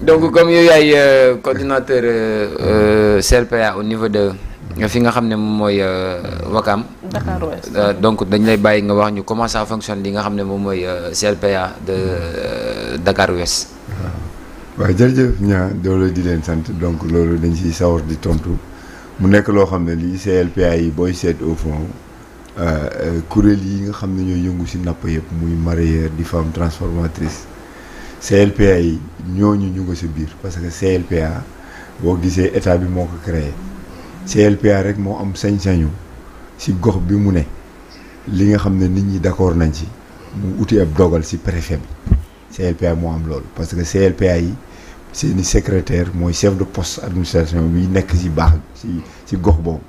donc comme yow yaay euh, coordinateur euh, euh, CRPA au niveau de fi nga xam ne moom mooy Wakam. Dakar Ouest donc dañ lay bàyyi nga wax ñu comment fonction li nga xam ne moom mooy CRPA de Dakar wes waaw waaw jërëjëf ñaa doole di leen sant donc loolu dañ ciy sawar di tontu mu nekk loo xam ne lii CLPA yi booy seet au fond kuréel yi nga xam ne ñooy yëngu si napp yëpp muy mareyeur di femme transformatrice. CLPA yi ñooñu ñu ko si biir parce que CLPA boo gisee état bi moo ko créé CLPA rek moo am sañ-sañu si gox bi mu ne li nga xam ne nit ñi d'accord nañ ci mu uti ab dogal si préfet bi CLPA moo am loolu parce que CLPA yi seeni secrétaire mooy chef de poste administration bi nekk si baax si si gox boobu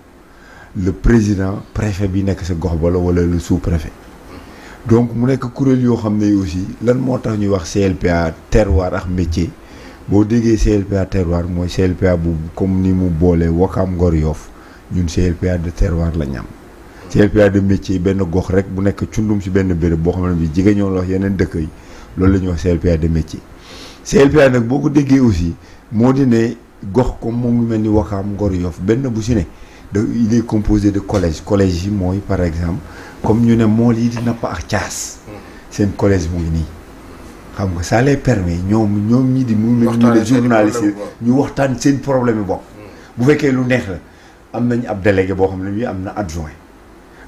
le président préfet bi nekk sa gox ba la wala le sous-préfet donc mu nek kuréel yo xamné aussi lan mo tax ñu wax CLPA terroir ak métier bo déggé CLPA terroir moy CLPA bu comme ni mu bolé wakam Ngor yof ñun CLPA de terroir la ñam CLPA de métier benn gox rek bu nek cundum si benn béréb boo xam ne bi jigéen ñoo la wax yenen dëkk yi loolu la wax CLPA de métier CLPA nak boko déggé aussi modi né gox comme moom ngi wakam ni Wakaam Ngor Yoff bu si il est composé de collège collège moy par exemple comme nous ne mool pas pas de ak c'est mm. un collège nous, nous, xam nga ça les permet nous, sommes ñi de journaliste ñu nous, seen problème mm. bu nous, lu neex la nous, délégué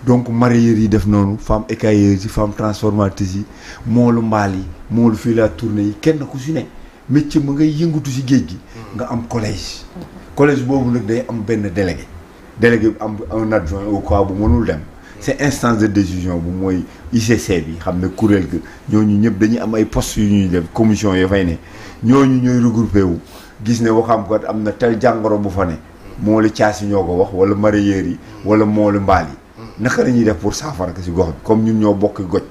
donc nous, yi def nous, femme écailleuse femme transformatrice yi Mali, yi nous, la tournée yi kenn ku métier nous, ngay un mm. nga collège collège nous, un délégué délégué un adjoint ou quoi, c'est instance de décision bu moy ICC bi xamné ne kuréel ga ñooñu ñëpp dañuy am ay postes yu ñuy def commission yoo fay né ñooñu ñoy regrouper wu gis né waxamkat am na tel jangoro bu fa ne moo lu caasi ñoo wax wala mareyeur yi wala moo lu mbaal yi naka la def pour safar ko si gox bi comme ñun ñoo bokk goj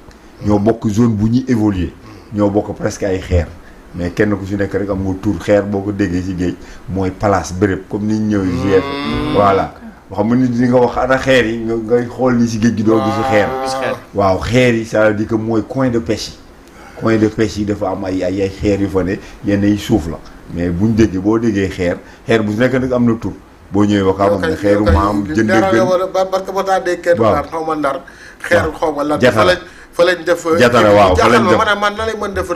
ñoo bokk zone bu ñuy évoluer ñoo bokk presque ay xeer mais kenn ku si nek rek am nga tour xeer boko déggé ci geej moy place béréb comme ni ñu ñëwee GF voilà xam nga nit ñi nga wax ana xeer yi nga ngay xool ni si géej gi doo gis xeer waaw xeer yi ça veut dire mooy coin de pêche yi coin de pêche yi dafa am ay ay ay xeer yu fa ne yenn yi suuf la mais bu buñ déggee boo déggee xeer xeer bu nekk nag am na tur boo ñëwee ba xam ne xeeru maam jëndee gën waaw xeer xaw ma ndar xeer xaw ma la dafa fa lañ def. jatara waaw fa lañ def maanaam man la lay mën def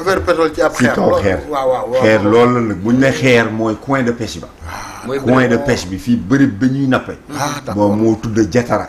affaire pétrole ci ab. xeer ci kaw xeer waaw waaw xeer loolu la nag bu ñu ne xeer mooy coin de pêche ba. Ah, mooy coin de pêche bi fii bëri ba ñuy nappe. ah moom moo tudd jatara.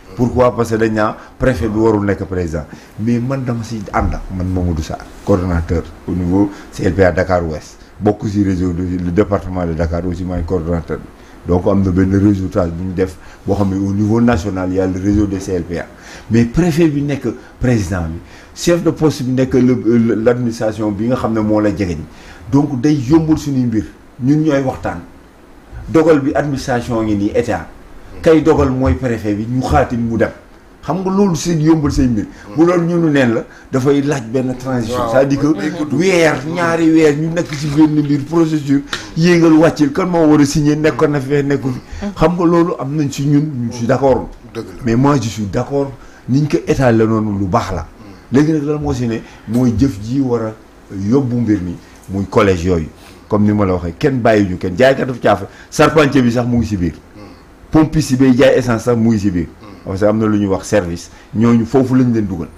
pourquoi parce que dañ préfet bi warul nekk président mais man dama suis ànd man Mamadou coordonnateur au niveau CLPA Dakar Ouest Beaucoup de réseau le département de Dakar aussi maay coordonnateur donc am na benn résultat au niveau national il y a le réseau des CLPA mais préfet bi président bi chef de poste bi nekk l'administration. administration bi nga xam ne la jegeñ donc day yombul suñuy mbir ñun ñooy waxtaan dogal bi administration ngi nii état kay dogal mooy préfet bi ñu xaatim mu dem xam nga loolu seen yombal say mbir bu loolu ñu nu neen la dafay laaj benn transition c'est-à-dire que weer ñaari weer ñu nekk ci benn mbir procédure yéegal wàccil kan moo war a signé nekkoon na fee nekku fi xam nga loolu am nañ ci ñun ñu si d'accord mais moi je suis d'accord niñ ko état la noonu lu baax la léegi nag lan moo si ne mooy jëf ji war a yóbbu mbir mi muy collège yooyu comme ni ma la waxee kenn bàyyi ñu kenn jaaykat daf caafe charpentier bi sax mu si biir pompiste bay jaay essence sax muy si biir. parce que am na lu ñuy wax service ñooñu foofu lañu leen dugal.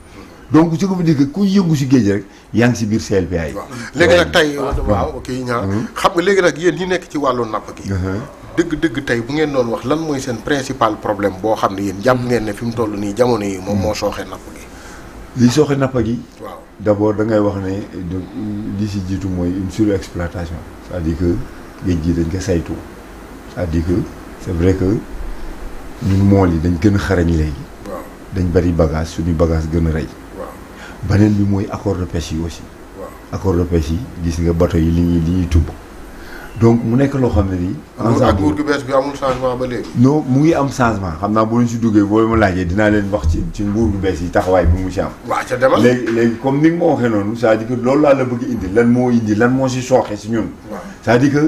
donc ce qui veut dire que ku yëngu si géej rek yaa ngi si biir CLPA yi. waaw léegi nag tey waaw kii ñaar xam nga léegi nag yéen ñi nekk ci wàllu napp gi. dëgg-dëgg uh-huh. tey bu ngeen doon wax lan mooy seen principal problème boo xam ne yeen jàpp ngeen ne fi mu toll nii jamono yi moom moo hmm. sooxe napp gi. li sooxe napp gi. waaw d' abord da ngay wax ne li si jiitu mooy une surexploitation. c'est-à-dire saytu c'est vrai que ñun mool yi dañ gën a xarañ léegi. dañ bari bagage suñu bagage gën a rey. beneen bi mooy accord de pêche yi aussi. accord de pêche yi gis nga bateau yi li ñuy li ñuy donc mu nekk loo xam ne nii. ensemble nguur gu bees bi amul changement ba léegi. mu ngi am changement xam naa bu leen si duggee boo ma laajee dinaa leen wax ci ci nguur gu bees yi taxawaay bi mu si am. waaw ca demal léegi léegi comme ni nga ma waxee noonu c'est-à-dire loolu laa la bëgg indi lan moo indi lan moo si sooxee si ñun. cest à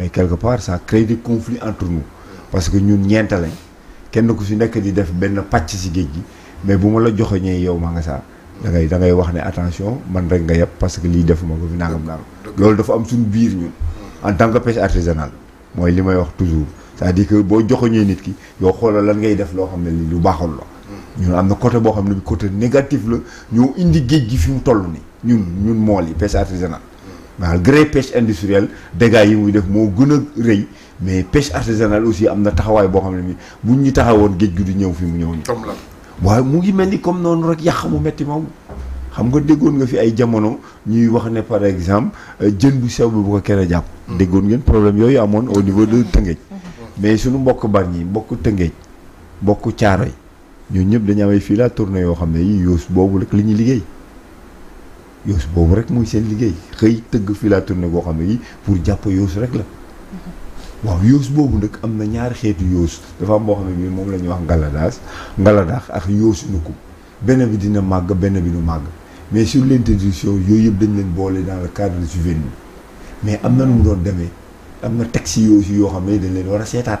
mais quelque part ça crée des conflits entre nous parce que ñun ñeent lañ kenn ku si nekk di def benn pàcc si géej gi mais bu ma la joxoñee yow ma nga saa da ngay da ngay wax ne attention man rek nga yëpp parce que lii defuma ko fi naa nangam nangam loolu dafa am suñu biir ñun en tant que pêche artisanale mooy li may wax toujours cest di dire que boo joxoñee nit ki yow xoolal lan ngay def loo xam ne li lu baaxul la ñun am na côté boo xam ne côté négatif la ñoo indi géej gi fi mu toll ni ñun ñun mool yi pêche artisanale malgré pêche industrielle dégâts yi muy def moo gën a rëy mais pêche artisanale aussi am na taxawaay boo xam ne ni bu ñu taxawoon géej gi du ñëw fi mu ñëw ñu comme la waaye mu ngi mel ni comme noonu rek yàq mu metti moom xam nga déggoon nga fi ay jamono ñuy wax ne par exemple euh, jën bu sew bi bu ko kenn jàpp mm. déggoon ngeen problème yooyu amoon au niveau de Tëngéej mais suñu mbokk Bargny mbokk Tëngéej mbokk yi ñoo ñëpp dañu amay fii la tournée yoo xam ne yi yoos boobu rek li ñuy liggéey yoosu boobu rek mooy seen liggéey xëy tëgg fi la boo xam ne yi pour jàpp yoos rek la waaw yoos boobu nag am na ñaari xeetu yoosu dafa am boo xam ne bii moom la ñuy wax ngaladaas ngaladaax ak yoosu ko benn bi dina màgg benn bi du màgg mais sur l'introduction yooyu yëpp dañ leen boole dans le cadre de juvénile mais am na nu mu doon demee am na taxi yoosu yoo xam ne dañ leen war a seetaat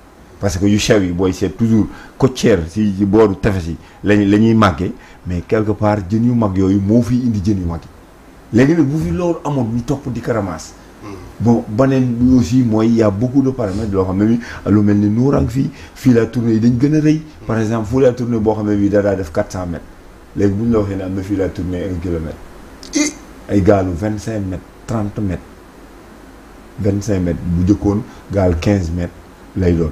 parce que yu xew yi c'est toujours côtière si booru tefes yi lañ la mais quelque part jën yu mag yooyu moo fi indi jën yu mag yi léegi nag bu fi loolu amoon ñu topp di hmm. bon beneen bi aussi il y' a beaucoup de paramètres loo xam ne bi lu mel ni Nourang la tournée yi dañ gën par hmm. exemple vous la tournée boo xam ne bi dadaa 400 mètres les bu ñu la waxee ne am la tournée un kilomètre i ay 25 mètres 30 mètres 25 mètres bu jëkkoon gaal 15 mètres lay doon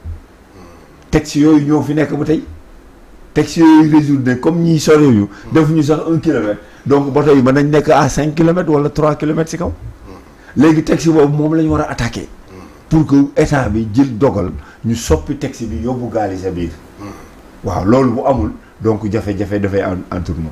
texte yooyu ñoo fi ça. ba résoudre comme comme ñiy ñu sax un kilomètre donc bato à 5 km. wala 3 km. ci kaw attaquer pour que état bi jël dogal ñu soppi texte bi yobu gaali Voilà, hmm. waaw loolu bu amul donc jafé fait un tournoi.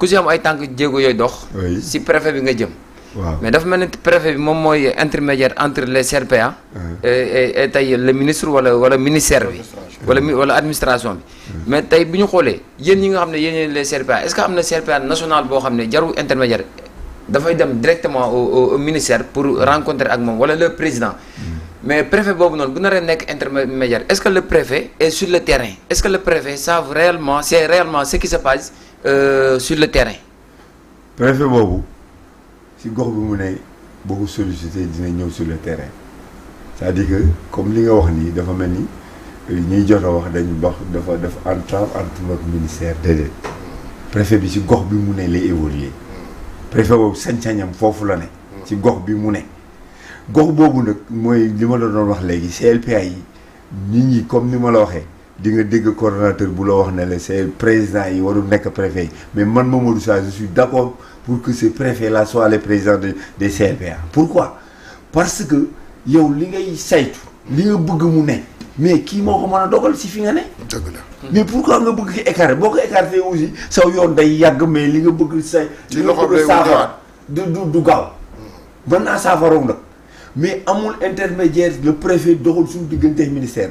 ku si am ay tànk jéego yooyu dox. si préfet bi nga jëm. waaw mais dafa mel ni préfet bi moom mooy intermédiaire entre les CRPA. et et et le ministre wala wala ministère bi. wala wala administration bi. mais tey bu ñu xoolee yéen ñi nga xam ne les CRPA est ce que am CRPA national boo xam ne jarul intermédiaire dafay dem directement au au ministère pour rencontrer ak moom wala le président. mais préfet boobu noonu bu naree intermédiaire est ce que le préfet est sur le terrain est ce que le préfet savent réellement c'est réellement ce qui se passe euh, sur le terrain. préfet boobu si gox bi mu ne boo sollicité dina ñëw sur le terrain c'est-à-dire que comme li nga wax nii dafa mel ni euh, ñuy jot a wax dañu bax dafa dafa entente entre ministère déedéet préfet bi si gox bi mu ne lay évoluer préfet boobu sañ-sañam foofu la ne ci gox bi mu ne gox boobu nag mooy li ma doon wax léegi CLPA yi nit ñi comme ni ma la waxee di nga dégg coordonnateur bu la wax ne la c'est président yi warul nekk préfet mais man Mamadou Sarr je suis d'accord pour que ce préfet là soit le président de des CRPA pourquoi parce que yow li ngay saytu li nga bëgg mu ne mais kii moo ko mën dogal si fi nga ne mais pourquoi nga bëgg ki écarté boo ko écarté aussi saw yoon day yàgg mais li nga bëgg say li nga bëgg saafara du du gaaw mën naa saafaraw nag mais amul intermédiaire le préfet doxul suñu diggante ministère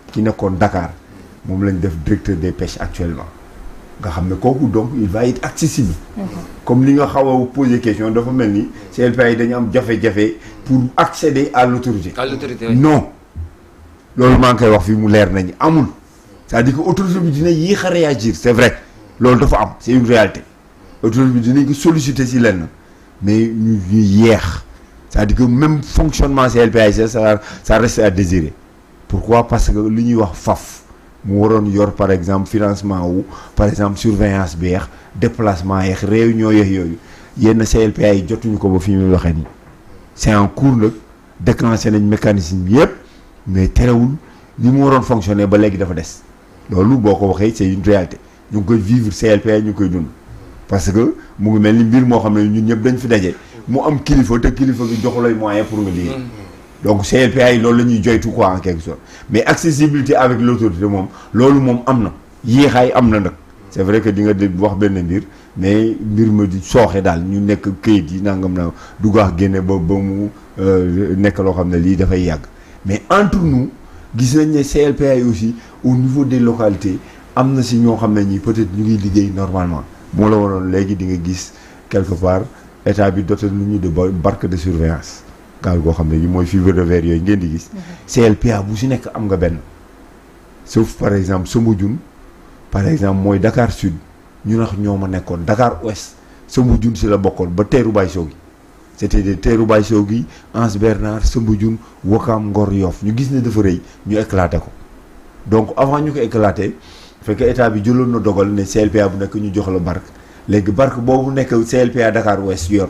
qui nekkoon Dakar qui lañ directeur des pêches actuellement il va être accessible mhm. comme vous question dafa dit que pour accéder à l'autorité non cest à que c'est vrai c'est une réalité autorité solliciter mais c'est-à-dire que même fonctionnement de ça reste à désirer pourquoi parce que li ñuy wax faf mu waroon yor par exemple financement ou par exemple surveillance bi yeex déplacement yeex réunion yeex yooyu yenn CLPA yi jotuñ ko ba fi ñuy waxé ni. c'est en cours nag déclencher nañ mécanisme yépp mais terewul li mo waroon fonctionner ba légui dafa dess. loolu boko waxé c'est une réalité ñu ngi koy vivre CLPA ñu ngi koy dund parce que mu ngi melni mbir mo xamné ñun ñëpp dañ fi dajé. mu am kilifa te kilifa gi jox lay moyen pour nga liggéey donc CLPA yi loolu la ñuy joytu quoi en quelque sorte mais accessibilité avec l'autorité mom lolu mom amna na yéexaay am c'est vrai que di nga wax ben bir mais bir me di soxé dal, ñu nek keuy di nangam na dugg wax génne ba ba mu euh, nekk loo xam ne lii dafay mais entre nous gis nañ né CLPA aussi au niveau des localités amna ci ño xamné ni peut-être ñu ngi liggéey normalement mo la waroon légui di nga gis quelque part état bi doté nañu de barque de surveillance gaal goo xam ne gi mooy fibre de verre yooyu ngeen di gis CLPA bu si nekk am nga benn sauf par exemple Soumbédioune par exemple mooy dakaar Sud ñu nax ñoo ma nekkoon Dakar Ouest Soumbédioune si la bokkoon ba teeru bay soogi c'était des teeru bay soogi Anse Bernard Soumbédioune Wakaam Ngor Yoff ñu gis ne dafa rëy ñu éclaté ko donc avant ñu ko éclaté fekk état bi jëloon na dogal ne CLPA bu nekk ñu jox la barque léegi barque boobu nekk CLPA Dakar Ouest yor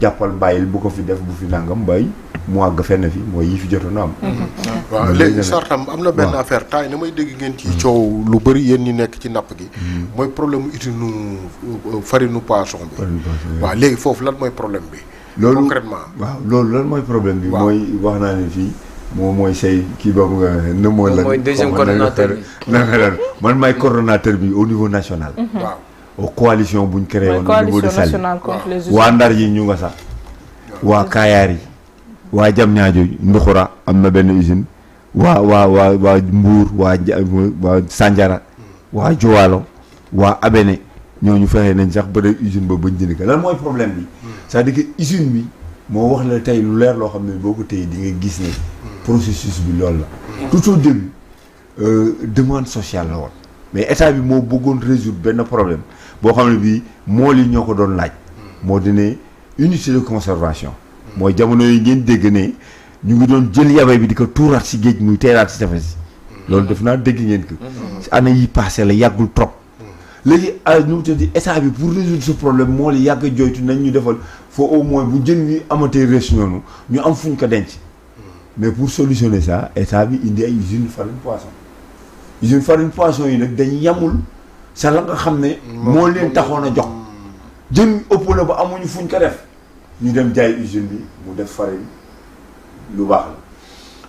jàppal bàyyil bu ko fi def bu fi nangam bay mu àgg fenn fi mooy yi fi jotoon am. Mhm. Mhm. waaw léegi sartam am na benn affaire taay na may dégg ngeen ci mhm. coow lu bëri yéen ñi nekk ci napp gi. mooy problème mu utinu euh, farine poisson bi. waaw léegi foofu lan mooy problème bi. loolu concrètement loolu lan mooy problème bi. mooy wax naa ne fii. moom mooy say kii boobu nga ne moo mooy deuxième coordonnateur bi man maay coordonnateur bi au niveau national. waaw. coalition buñ créé woon au niveau de Saly waa Ndar yi ñu nga sax waa Kaayaar yi waa Jamñaajo Nduxura am na benn usine waa waa waa waa Mbuur waa waa Sanjara waa Jowaalo waa Abene ñooñu fexe nañ sax ba usine ba bañ jënd ko lan mooy problème bi cest à usine bi moo wax la tey lu leer loo xam ne boo ko téye di nga gis ne processus bi lool la tout au début euh, demande sociale la woon mais état bi moo bëggoon résoudre benn problème bo xamné bi bii mool yi doon laaj. mo di ne unité de conservation. moy jamono yi ngeen dégg né ñu ngi doon jël yabe bi di ko tuuraat si géej muy teeraat ci tefes lolu loolu def naa dégg ngeen ko. si année yi passé la yagul trop. léegi ñu te di état bi pour résoudre ce problème mool yi yàgg joytu nañ ñu defal faut au moins bu jën wi amatee rees ñonu ñu am fuñ ko denc. mais pour solutionner ça état bi indi ay usine farine poisson usine farine poisson yi nak dañu yamul sa la nga xamné mo moo leen taxoon jox jëm ëpp ba amuñu fuñ ko def ñu dem jaay usine bi mu def farine lu baax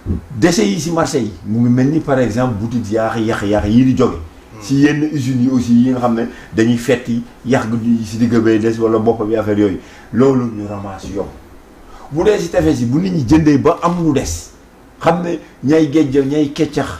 la déchets yi si marché yi mu ngi melni par exemple boutique yaax yax yax yii di joggé ci yenn usine yi aussi yi nga xamné dañuy fetti yax gi si digg bay des wala bop bi affaire yoy loolu ñu ramasse yomb bu dee si tefes yi bu nit ñi jëndé ba am lu des xam ñay gejja ñay keccax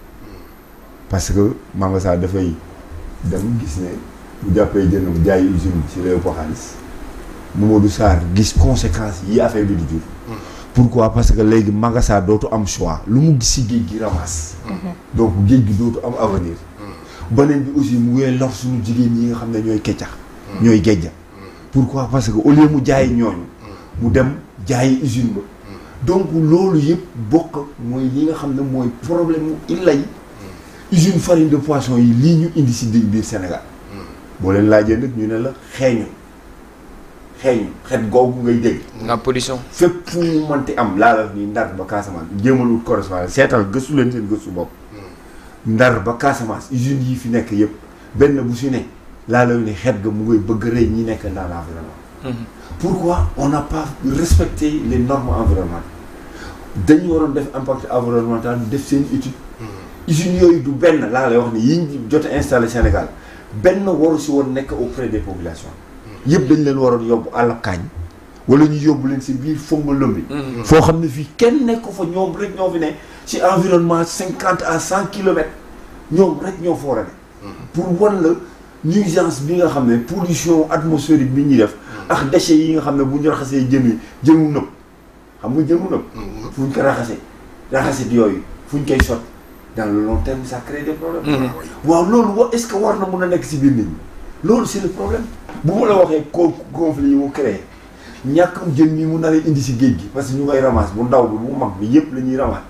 parce que Mame Makhtar dafay dem gis ne bu jàppee mu jaay usine ci réew ko xaalis Mamadou Sarr gis conséquence yi affaire bi di jur. pourquoi parce que léegi Mame Makhtar dootu am choix lu mu gis si géej gi ramasse. Mm-hmm. donc géej gi dootu am avenir. Mm. beneen bi aussi mu ngi lor suñu jigéen yi nga xam ne ñooy keccax. Mm. ñooy gejja mm. pourquoi parce que au lieu mu jaayi ñooñu. mu dem jaayi usine ba. donc loolu yëpp boq mooy li nga xam ne mooy problème mu illay usine farine de poisson yi li ñu indi si biir Sénégal hmm. bo leen laajee nag ñu ne la xéñu xéñu xet googu ngay dégg. la pollution. fépp fu mu mënti am laalal ni ndar ba Casamance jéemal wut correspondance sétal gëstu leen seen gëstu bop hmm. ndar ba Casamance usine yi fi nekk yépp benn bu si ne laalal ni xet ga mu ngay bëgg rëy ñi nekk dans l'environnement. Hmm. pourquoi on n'a pas respecté les normes environnementales dañu waroon def impact environnemental def seen étude. usines yooyu du benn laa lay wax ni yi ñu jot a installé Sénégal benn waru si woon nekk auprès des population yëpp dañ leen waroon yóbbu alkaañ kaañ wala ñu yóbbu leen si biir fongalom bi mm-hmm. mm-hmm. foo xam ne fii kenn nekk fa ñoom rek ñoo fi ne si environnement cinquante à cent kilomètres ñoom rek ñoo foora ne mm-hmm. pour wan la nuisance bi nga xam ne pollution atmosphérique bi ñuy def ak déchets yi nga xam ne bu ñu raxasee jën yi nëb xam nga jënu nëb fu ñu dans le long terme ça crée des problèmes. Mm. waaw loolu wa est-ce que war na mën a nekk si biir nit loolu si le problème bu ma la waxee ko yu yi mu créé ñàkkum jën yi mu nar indi si géej gi parce que ñu ngay ramasse bu ndaw bi mu mag bi yëpp la ñuy ramasse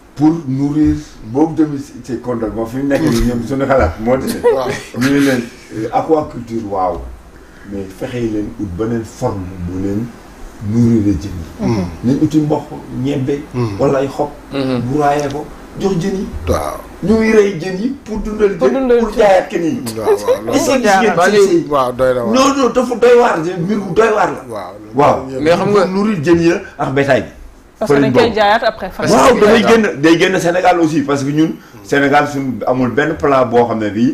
pour nourrir boobu tamit ci kontaan moom fi mu nekk nii ñoom suñu xalaat moo di ñu ne leen euh, aquaculture waaw mais fexe leen ut beneen forme bu leen nourrir jën yi mm-hmm. nañ uti mboq ñebbe mm-hmm. wala ay xob mm-hmm. bu raayee ko jox jën yi waaw ñuy rey jën yi pour dundal jën pour jaayaat kenn yi est-ce waaw doy na waar non non dafa doy waar mbir bu doy waar la waaw waaw xam nga nourrir jën yi ak bétail bi parce que après. Sénégal aussi parce que ñun. Sénégal nous amul benn plat boire des vie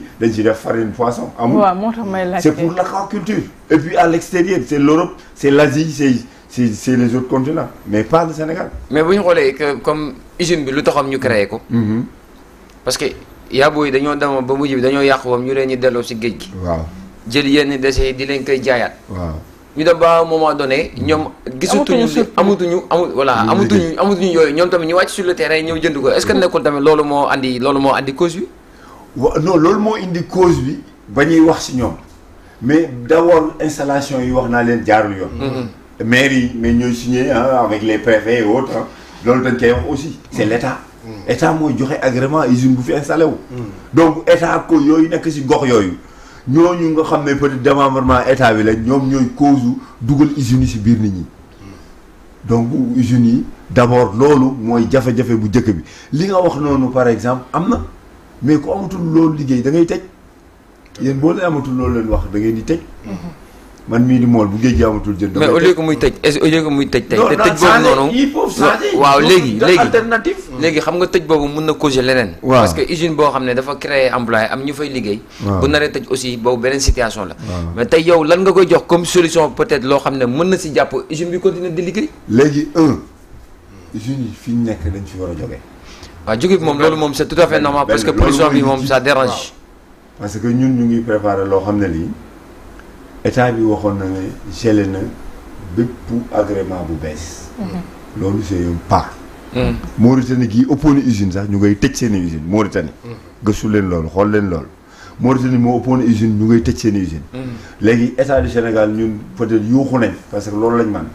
c'est pour culture. et puis à l'extérieur c'est l'Europe c'est l'Asie c'est les autres continents mais pas le Sénégal. mais vous voyez que comme ils bi lu taxam ñu ko. Mm-hmm. parce que yaaboo yi dañoo demoon ba ils ñu dem ba moment donné ñoom gisatuñu li amatuñu amut voilà amatuñu amatuñu yooyu ñoom tamit ñu wàcc sur le terrain ñëw jënd ko est-ce que mm-hmm. nekkul tamit loolu mo andi loolu mo andi cause bi non loolu mo indi cause bi ba ñuy wax si ñoom mais d'abord installation yi wax naa leen jaarul yoon mm-hmm. maire yi mais ñooy signé hein, avec les préfets et autres hein. loolu dañ koy wax aussi c'est mm-hmm. l'état état mooy joxe agrément usine bu fi installé wu donc état ko yooyu nekk si gox yooyu ñooñu nga xam ne peut-être démembrement état bi la ñoom ñooy cause dugal usines yi si biir nit ñi donc usines yi d'abord loolu mooy jafe-jafe bu njëkk bi li nga wax noonu par exemple am na mais ku amatul loolu liggéey da ngay tëj yéen boo leen amatul loolu leen wax da ngeen di tëj mhm. man mi di mol bu géej gi jeun jën. mais au lieu que muy tëj est au lieu que muy tëj tey. te tëj boobu noonu waaw legui legui alternative. legui xam nga tëj bobu mën na causer leneen. parce que usine bo xamne dafa créer emploi am ñu fay liggéey. bu naré tëj aussi bobu benen situation la. mais tay yow lan nga koy jox comme solution peut-être lo xamne mën na ci japp usine bi continuer di liggéey. legui 1 usine yi fi ñu dañ fi wara joggé wa waaw mom lolu mom c'est tout à fait normal ben, parce que pollution bi mom ça dérange parce que ñun ñu ngi préparer lo xamne li état bi waxoon na ne gelé na bépp agrément bu bees. Mhm. loolu c'est un pas. Mhm. Mauritanie gii ëppoon na usine sax ñu ngay tëj seen i usine Mauritanie. Mhm. gëstu leen loolu xool leen loolu. Mauritanie moo ëppoon usine ñu ngay tëj seen usine léegi état du Sénégal ñun peut-être yuuxu nañ parce que loolu lañ man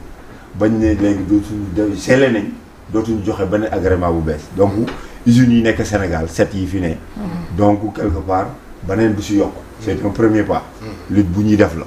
bañ ne léegi dootuñu def seele nañ dootuñu joxe benn agrément bu bees donc usine yi nekk Sénégal set yi fi ne donc quelque part beneen bu si yokk c'est premier pas lutte bu ñuy def la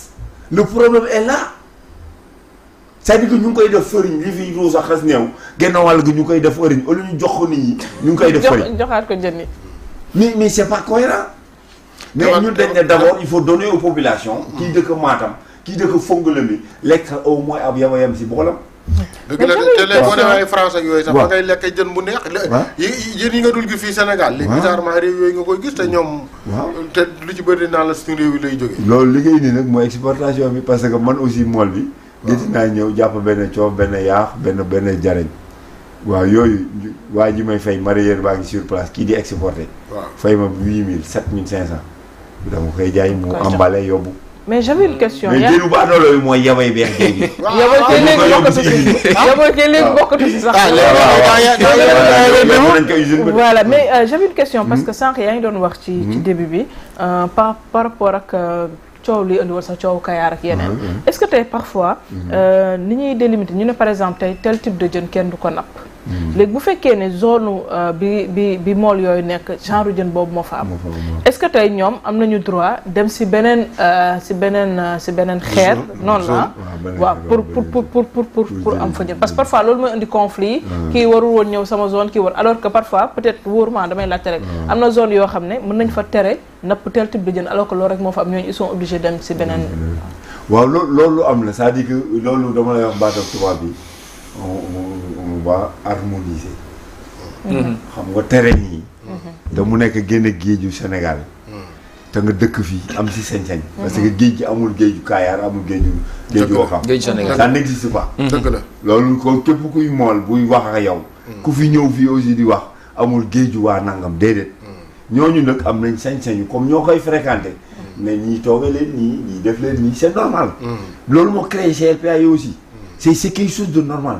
Le problème est là. C'est-à-dire que nous avons des fleurs, nous avons des fleurs, nous avons des fleurs, nous avons des fleurs, nous avons des nous des fleurs. Mais, mais ce n'est pas cohérent. Mais nous d'abord, il faut donner aux populations, qui sont que qui de que l'être au moins à bien voyager, c'est bon. dëgg la te léegi yooyu sax da jën bu neex yi nga dul fii Sénégal léegi bizarrement réew koy ñoom waaw te ci bëri naan la suñu réew yi lay jógee loolu liggéey nii nag mooy exportation bi parce que man aussi mool bi géti naa ñëw jàpp benn coof benn yaax benn benn jariñ waaw yooyu waa ji may fay mareyeur baa ngi sur place kii di exporté fay ma huit mille sept mille cinq cent dama koy jaay mu emballé yóbbu mais j'avais une question. mais voilà mais j'avais une question parce que sans rien il y wax par rapport à tu que tu est-ce que parfois. ni des limites par exemple tel type de jeune qui ne ko Mm-hmm. léegi bu fekkee ne zone euh, bi bi bi mool yooyu nekk genre jën boobu moo fa am. est-ce que tey ñoom am nañu droit dem si beneen euh, si beneen euh, si beneen xeer. noonu la waaw pour pour pour pour pour pour am fa jën parce que parfois loolu mooy indi conflit. Ah. ki warul woon ñëw sama zone kii war alors que parfois peut-être wóoruma damay laajte tere ah. am na zone yoo xam ne mën nañ fa tere napp tel type de jën alors que loolu rek moo fa am ñooñu ils sont obligés dem si beneen. Mm-hmm. waaw loolu loolu am la cest à que loolu Touba harmoniser. Mm-hmm. Mm-hmm. xam nga terrain yi. da mm-hmm. mu nek génne géeju Sénégal. te nga dëkk fi am ci sañ-sañ. parce que géej gi amul géeju Kaayaar amul géeju. géeju Wakaam géeju Sénégal ça n'existe pas. dëgg la loolu ko képp kuy mool buy wax ak yow. ku fi ñëw fii aussi di wax amul géeju waa nangam déedéet. ñooñu nag am nañ sañ-sañu comme ñoo koy fréquenté. mais ñii toogee leen nii ñii def leen nii c'est normal. loolu moo créé CRPA yi aussi. c'est c'est quelque chose de normal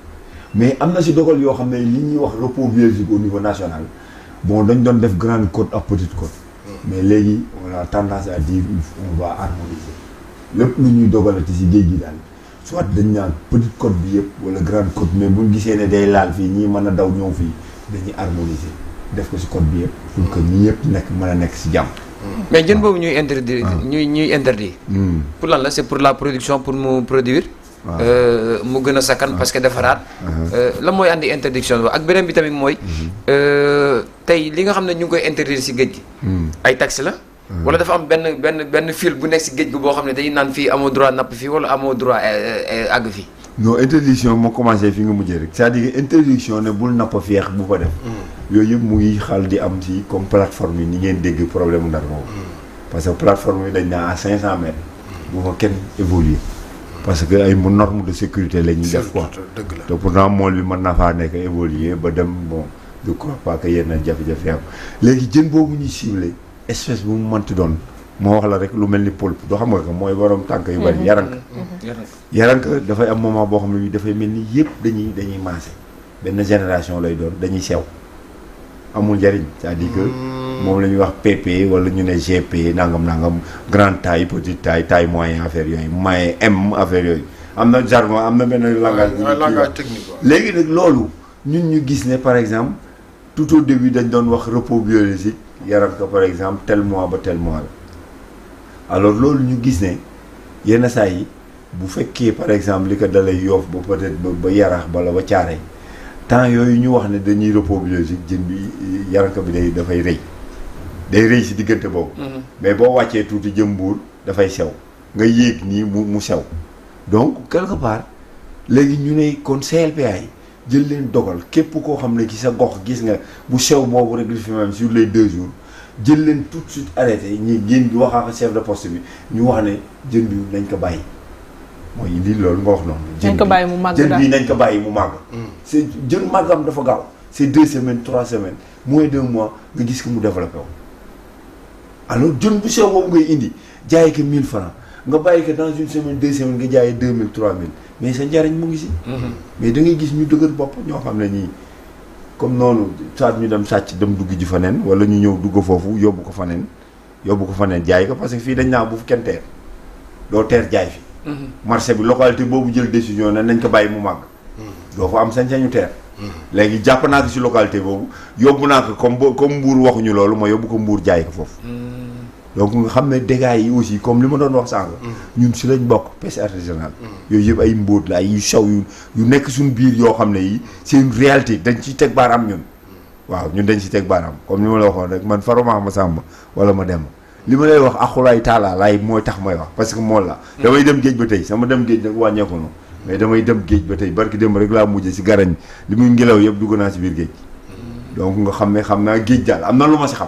mais amna ci dogal yo xamné ne li wax repos biologique au niveau national bon dañ doon def grande côte ak petite côte hmm. mais légui on a tendance à dire on va harmoniser lepp lu ñuy dogalati ci géej gi soit dañ naan petite côte bi yépp wala grande côte mais buñu gisé né day laal fi ñi mëna daw ñëw fi dañuy harmoniser def ko ci côte bi yépp pour que ñi yépp nek mëna nek ci si hmm. mais jën bobu ñuy interdire ah. ñuy ñuy interdire hmm. pour lan la c'est pour la production pour mu produire Euh, mu gën a sakkan ah, parce que defaraat. Ah, ah, euh, la mooy andi interdiction ak beneen bi tamit mooy. Mhm. Euh, tey li nga xam ne ñu ngi koy interdire si géej gi. Hmm. ay taxes la. Hmm. wala dafa am benn benn benn fil bu nekk si géej gi boo xam ne dañuy naan fii amoo droit napp fii wala amoo droit àgg fii. non interdiction moo commencé fi nga mujjee rek c'est-à-dire interdiction ne bul nappa feex bu ko def. Hmm. yooyu yëpp mu ngi xal di am si comme plateforme yi ni ngeen dégg problème mu ndar boobu. parce que plateforme yi dañ naa à 500 mètres. bu fa kenn évoluer parce que ay norme de sécurité la ñuy def quoi te pourtant mool bi mën na faa nekk évoluer ba dem bon je crois pas que yenn jafe-jafe léegi jën boobu ñuy ciblé espèce bu mu mënti doon moo wax la rek lu mel ni poulpe doo xam nga ko mooy waroom tànk yu bari mhm. Mhm. Mhm. yarank yarank dafay am moom moment boo xam ne bi dafay mel ni yëpp dañuy dañuy maase benn génération lay doon dañuy sew amul njariñ cest à moom la wax PP wala ñu né GP nangam nangam grand taille petite taille taille moyen affaire yooyu moyen M affaire yooyu amna jargon amna na langage. langage technique légui nak lolu ñun ñu gis né par exemple tout au début dañ doon wax repos biologique yaram ko par exemple tel mois ba tel mois alors lolu ñu gis né yenn say yi bu fekkee par exemple li ko dalay yoof ba peut-être ba yarax bala ba caare temps yooyu ñu wax ne dañuy repos biologique jën bi yaranka bi day dafay rëy day rëy si diggante boobu. Mhm. mais boo wàccee tuuti jëm mbuur dafay sew nga yéeg nii mu mu sew. donc quelque part léegi ñu ne kon CLPA yi jël leen dogal képp koo xam ne ki sa gox gis nga bu sew boobu rek li fi même sur les deux jours jël leen tout de suite arrêté ñi ngeen wax ak chef de poste ñu wax ne jën bi nañ ko bàyyi. mooy lii loolu nga wax noonu. nañ ko bàyyi mu màgg jën bi nañ ko bàyyi mu màgg. Mm. c'est jën màggam dafa gaaw c'est deux semaines trois semaines mooy d'un mois nga gis ko mu développé alors jën bu sew moom ngay indi jaay ko 1000 francs nga bàyyi ko dans une semaine deux semaines nga jaayee 2000 3000 mais sa njariñ mu ngi si. Mhm. mais da ngay gis ñu dëgër bopp ñoo xam ne ñii comme noonu soit ñu dem sàcc dem dugg ji fa nen wala ñu ñëw dugg foofu yóbbu ko fa nen yóbbu ko fa nen jaay ko parce que fii dañ naa bu fi kenn teer doo teer jaay fi. Mhm. marché bi localité boobu jël décision ne nañ ko bàyyi mu màgg. Mhm. doo fa am sa sañu teer. léegi jàpp naa ko si boobu yóbbu naa ko comme comme Mbour waxuñu loolu ma yóbbu ko Mbour jaay ko foofu. donc nga xam ne dégâts yi aussi comme li ma doon wax sànq. Mm. ñun si lañ bokk pêche artisanale. Mm. yooyu yëpp ay mbóot la ay yu saw yu nekk suñu biir yoo xam ne yi c'est une réalité dañ ciy teg baaraam ñun. waaw ñun dañ ci teg baaraam comme ni ma la waxoon rek man faruma ma sàmm wala ma dem li ma lay wax axulaay taala laay tax may wax parce que mool la. Mm. damay dem géej ba tey sama dem géej nag wàññeeku na mais damay dem géej ba tey barki dem rek laa mujjee si garañ li muy ngelaw yëpp dugg naa si biir géej. donc nga xam ne xam naa géej daal am na lu ma si xam.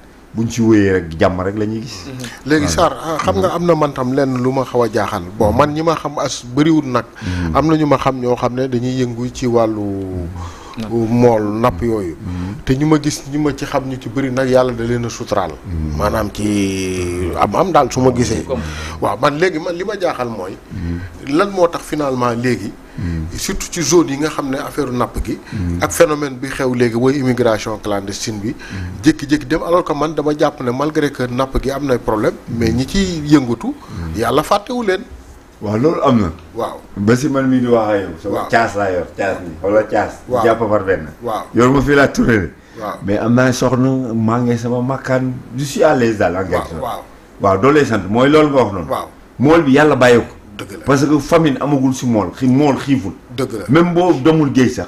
buñ ci wéyee rek jàmm rek la ñuy gis. Mhm. léegi Sarr ah, xam nga mhm. am na man tam lenn lu ma xaw a jaaxal bon mhm. man ñi ma xam as bëriwul nag. am na ñu ma xam ñoo xam ne dañuy yëngu ci wàllu. mool napp yooyu te ñu ma gis ñi ma ci xam ñu ci bëri nag yàlla da leen a maanaam ci am am daal su ma gisee waaw man léegi man li ma jaaxal mooy lan moo tax finalement léegi surtout ci zone yi nga xam ne affaire napp gi ak phénomène bi xew léegi woy immigration clandestine bi jékki-jékki dem alors que man dama jàpp ne malgré que napp gi am na problème mais ñi ci yëngatu yàlla fàttewu leen waaw loolu am na. waaw ba si man mii di wax ak yow. sama caas laa yor caas bi wala caas. waaw jàpp par benn. waaw yor ma fii laa tourné de. waaw mais am naa soxna maa ngi sama makkaan je si à l'aise daal. waaw waaw waaw doo lay sant mooy loolu nga wax noonu. mool bi yàlla bàyyi ko. dëgg parce que famine amagul si mool xi mool xiiful. dëgg la même boo demul géej sax.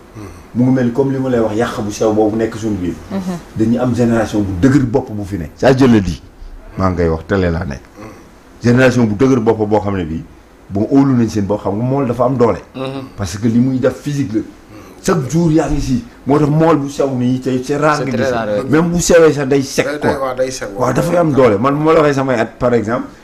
mu ngi mel comme li ma lay wax yàq bu sew boobu nekk suñu biir. Mhm. dañu am génération bu dëgër bopp bu fi ne. saa jël la di maa ngay wax tele laa nekk. génération bu dëgër bopp boo xam ne bii bon óolu nañ seen bopp xam nga mool dafa am doole. Mhm. parce que li muy def physique la. chaque jour yaa ngi si moo tax mool bu sew nii te c'est rare nga gis même bu sewee sax day sec quoi waaw dafay am doole man bu ma la waxee samay at par exemple.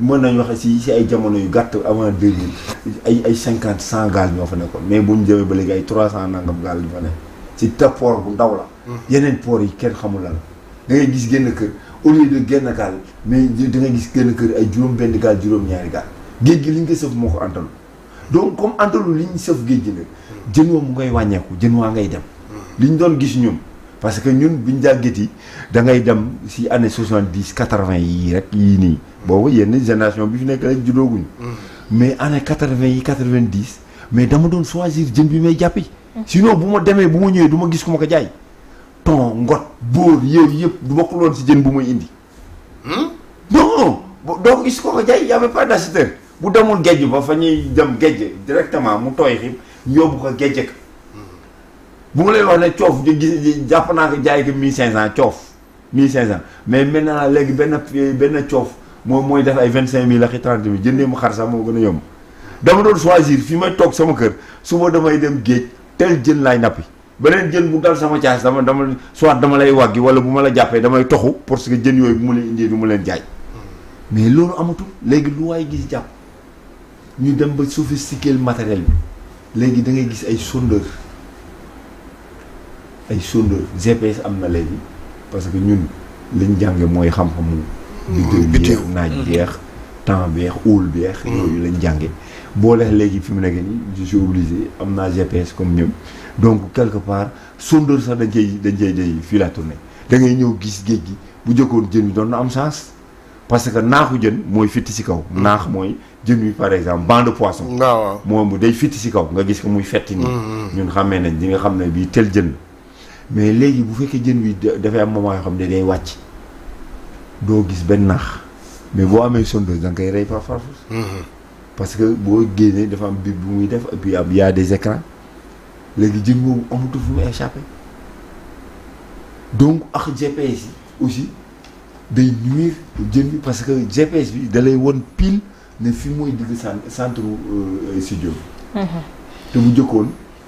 mën nañ wax si si ay jamono yu gàtt avant 2000 ay ay cinquante cent gaal ñoo fa nekkoon mais bu ñu jëmee ba léegi ay trois cent nangam gaal ñu fa nekk si te port bu ndaw la. Hmm. yeneen port yi kenn xamul la da ngay gis genn kër au lieu de génn gaal mais da ngay gis genn kër ay juróom-benn gaal juróom-ñaari gaal géej gi li ñu sëf moo ko antalu donc comme antalu li ñu sëf géej gi nag hmm. jën waa mu ngay wàññeeku jën waa ngay dem. Hmm. li ñu doon gis ñun. parce que ñun biñ jàggeti da ngay dem si année soixante dix quatre vingt yi rek yii nii. boobu yenn génération bi fi nekk rek juddooguñu. Mm. mais année quatre vingt yi quatre vingt dix mais dama doon choisir jën bi may jàppi. Mm. sinon bu ma demee bu ma ñëwee du ma gis ku ko jaay. ton ngot bóor yooyu yëpp du bokkul si jën bu ma indi. Hmm? non doo gis ko ko jaay y avait pas bu demul géej ba fa ñuy dem gejj directement mu tooy xib yóbbu ko géej bu ma lay wax ne coof jàpp naa ko jaay ko mille cinq cent coof mille cinq cent mais maintenant léegi benn benn coof moom mooy def ay vingt cinq mille ak i trente mille jëndee mu xar sax moo a yomb dama doon choisir fi may toog sama kër suba damay dem géej tel jën laay nappi beneen jën bu dal sama caas dama dama soit dama lay waggi wala bu ma la jàppee damay toxu parce que jën yooyu bu mu leen indee du mu leen jaay mais loolu amatul léegi lu waay gis jàpp ñu dem ba sophistiquer matériel bi léegi da ngay gis ay sondeur ay sondeur GPS amna légui parce que ñun liñ jàngé moy xam xam biddew naaj temps des óol des yooyu lañ jànge boo leex léegi fi mu nekk je suis obligé GPS comme nous donc quelque part sondeur sa dañ dañ day la tourner da ngay ñëw gis bu jëkkoon parce que naaxu jën mooy fitti si mm. par exemple bande de poisson moom day fitti si kaw nga gis ko muy fetti mm, mm. ñun nañ tel mais légui bu que jën bi dafay am moment ne wacc do gis mais voilà mes sondeuse mm-hmm. parce que vous guéné dafa am puis des écrans échapper donc ak GPS aussi nuire parce que GPS da pile ne fi de centre euh, studio mm-hmm. te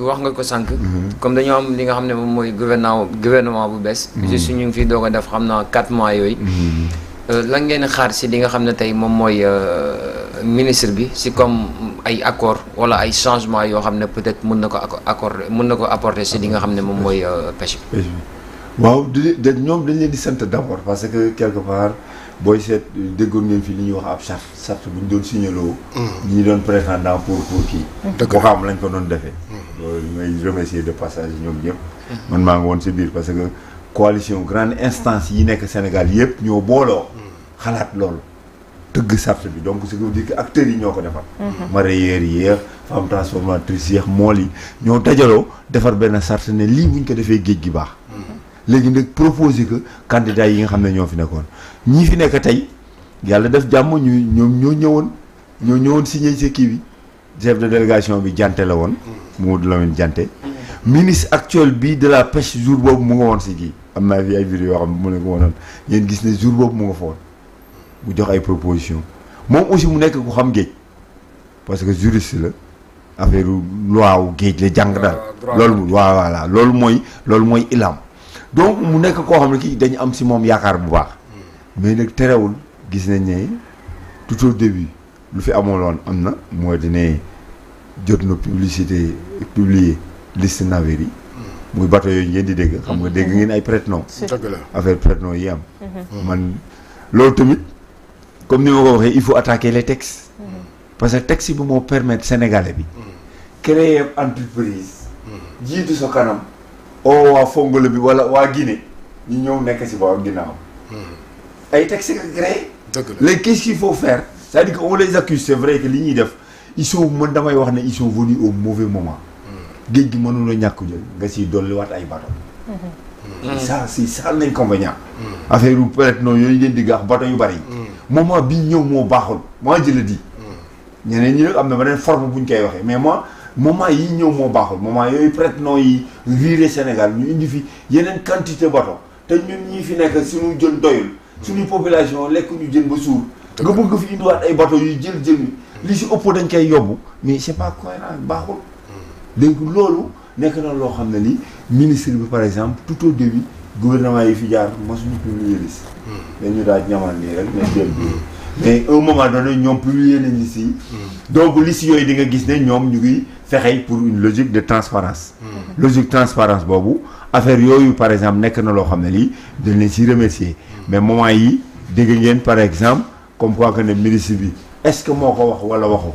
wax nga ko sànq. Mhm. comme dañoo am li nga xam ne moom mooy gouvernement gouvernement bu bees. Mhm. juste ñu ngi fiy doog a def xam naa quatre mois yooyu. Mhm. Euh, lan ngeen xaar si li nga xam ne tey moom mooy euh, ministre bi si comme ay accord wala ay changement yoo xam ne peut-être mën na ko accord mën na ko apporter si li nga xam ne moom mooy euh, pêche bi. waaw di de ñoom dañ leen di sant d'abord parce que quelque part booy seet déggoon ngeen fi li ñuy wax ab charte charte bu ñu doon signaloo. Mm. ñu doon prétendant pour kii. dëgg lañ ko doon defee. Mm. loolu may remercier de passage ñom ñep man maa ngi woon ci biir parce que coalition grande instance yi nek Sénégal yëpp ñoo bolo xalat lool deug charte bi donc ce qui veut dire acteurs yi ñoko ko defar. Mhm. mareyeurs yi femmes transformatrices yi mool yi ñoo dajalo defar ben charte ne li buñ ko defee géej gi baax. Mhm. légui nag proposer que candidat yi nga xamné ñoo fi nekkoon ñi fi nekk tay yalla def jamm ñu ñom ñoo ñëwoon ñoo ñëwoon signer ci kii bi chef de délégation bi jante la woon. Mamadou Lamine jante. ministre actuel bi de la pêche jour boobu mu nga woon si kii am naa fi ay vidéo yoo xam ne ne ko wonone ngeen gis né jour boobu mu nga foon mu jox ay proposition mom aussi mu nekk ko xam geej parce que juriste la affaire loi ou geej la jàng daal. loolu wa voilà loolu moy loolu moy ilam. donc mu nekk ko xam ne kii dañu am ci mom yaakaar bu baax. mais nag téréwul gis nañ né tout au début lu fi amoon loon am na moi di ne jot na publicité publier liste navire yi hmm. muy bateau yooyu ngeen di dég xam nga hmm. dégg ngeen ay prête non, affaire prête yam, hmm. man l'autre tamit comme ni on ko il faut attaquer les textes parce que texte bi moo permettre sénégalais bi créer entreprise jiitu sa kanam oo oh, waa le bi wala wa Guinée ñu ñëw nekk si ba ginnaaw ay texte nga créé léegi qu'est-ce qu'il faut faire c'est-à-dire qu'on les accuse c'est vrai que li ils sont ils sont venus au mauvais moment. géej gi mënul a ñàkk jël mm-hmm. ça mm-hmm. c'est ça l'inconvénient. Mm-hmm. affaire peut-être venus di Le moment yu bari. moment moi je le dis. ñeneen am forme pour mais moi moment yi ñëw moo moment non yi Sénégal il y a une quantité de te ñun ñi fi nekk doyul. population ñu nga bëgg fi indiwaat ay bateau yu jël jël li si ëpp dañ koy yóbbu mais c'est pas cohérent baaxul. donc loolu nekk na loo xam ne ni ministre bi par exemple tout au début gouvernement yi fi jaar mosuñu publier liste. dañu daal ñamal nii rek mais jël mais un moment donné ñoom publier nañ liste yi. donc liste yooyu di nga gis ne ñoom ñu ngi fexey pour une logique de transparence logique transparence boobu affaire yooyu par exemple nekk na loo xam ne lii dañ leen si remercier mais moment yi dégg ngeen par exemple comme que ne ministre bi est-ce que moo ko wax wala waxu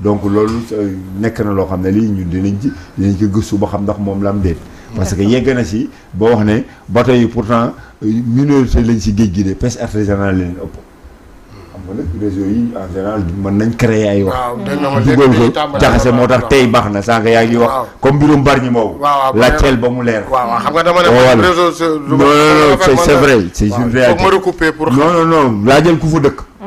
donc loolu euh, nek na lo xamne li lii ñun dinañ ci dinañ ko gëstu ba xam ndax mom lam am parce que yegg na si boo wax ne bateau pourtant euh, minorité lañ ci géej gi de pêche artisanale leen ëpp. xam nga nag réseau yi en général mën nañ créer ay wax. waaw dugal ko jaxase moo tax tey baax na sank yaa ngi wax. comme mbirum bari ñi moom. la ceel ba mu leer. waaw xam nga dama ne oh, réseau. non non non c'est vrai c'est une réalité. pour ma pour. non non non la jël ku fu dëkk.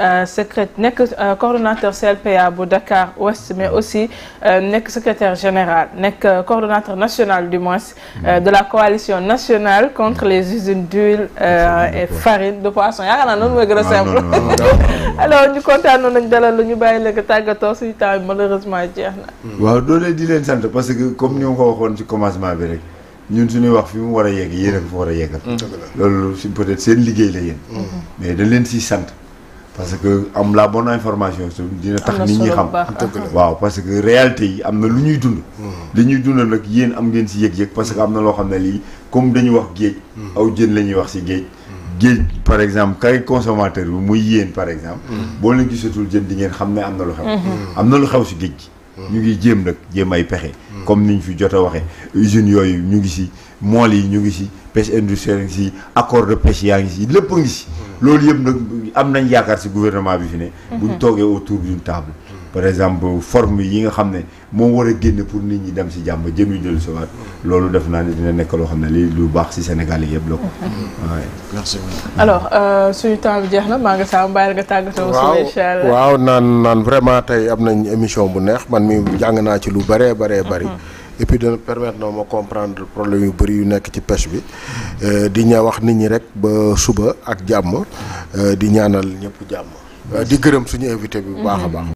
Euh, secrét nekk euh, coordonnateur CLPA bu Dakar Ouest mais aussi euh, nekk secrétaire général nekk coordonnateur national du moins de la coalition nationale contre les usines d'huile et farine de poisson il naa a ah, simple alors nous kontaanoon nañ dalal la ñu bàyyi la nga tàggatoo suñu temps nous malheureusement jeex que mm. waaw doole di leen parce que comme nous ma ko waxoon ci commencement bi rek ñun suñuy wax fi mu war a yegg yéen a ko fa war a mm. si peut-être seen liggéey la yéen mm. mais dañ leen siy parce que am la bonne information dina tax nit ñi xam waaw parce que réalité yi am na lu ñuy dund hmm. li ñuy dund nag yéen am ngeen si yëg-yëg parce que am na loo xam ne lii comme dañu wax géej hmm. aw jën la ñuy wax si géej hmm. géej par exemple kay consommateur bi muy yéen par exemple boo leen gisatul jën di ngeen xam ne am na lu xew am na lu xew si géej ñu ngi jéem nag jéem ay pexe comme niñ fi jot a waxee usines yooyu ñu ngi si mool yi ñu ngi si pêche industrielle ngi si accord de pêche yaa ngi si lépp ngi si loolu yëpp nag am nañ yaakaar si gouvernement bi fi ne buñ toogee autour d'une table par exemple forme yi nga xam ne moom war a génn pour nit ñi dem si jàmm jëm yu dellu si waat loolu def naa ne dina nekk loo xam ne lii lu baax si Sénégal yëpp la ko. merci beaucoup. alors euh, suñu temps jeex na maa nga saa bàyyi nga tàggatoo. incha allah waaw waaw naan naan vraiment tey am nañ émission bu neex man mi jàng naa ci lu bëree bëree bëri. et puis dana permettre na ma comprendre problème yu bëri yu nekk ci pêche bi euh, di ña wax nit ñi rek ba suba ak jàmm euh, di ñaanal ñëpp jàmm euh, di gërëm suñu invité bi bu baax a baax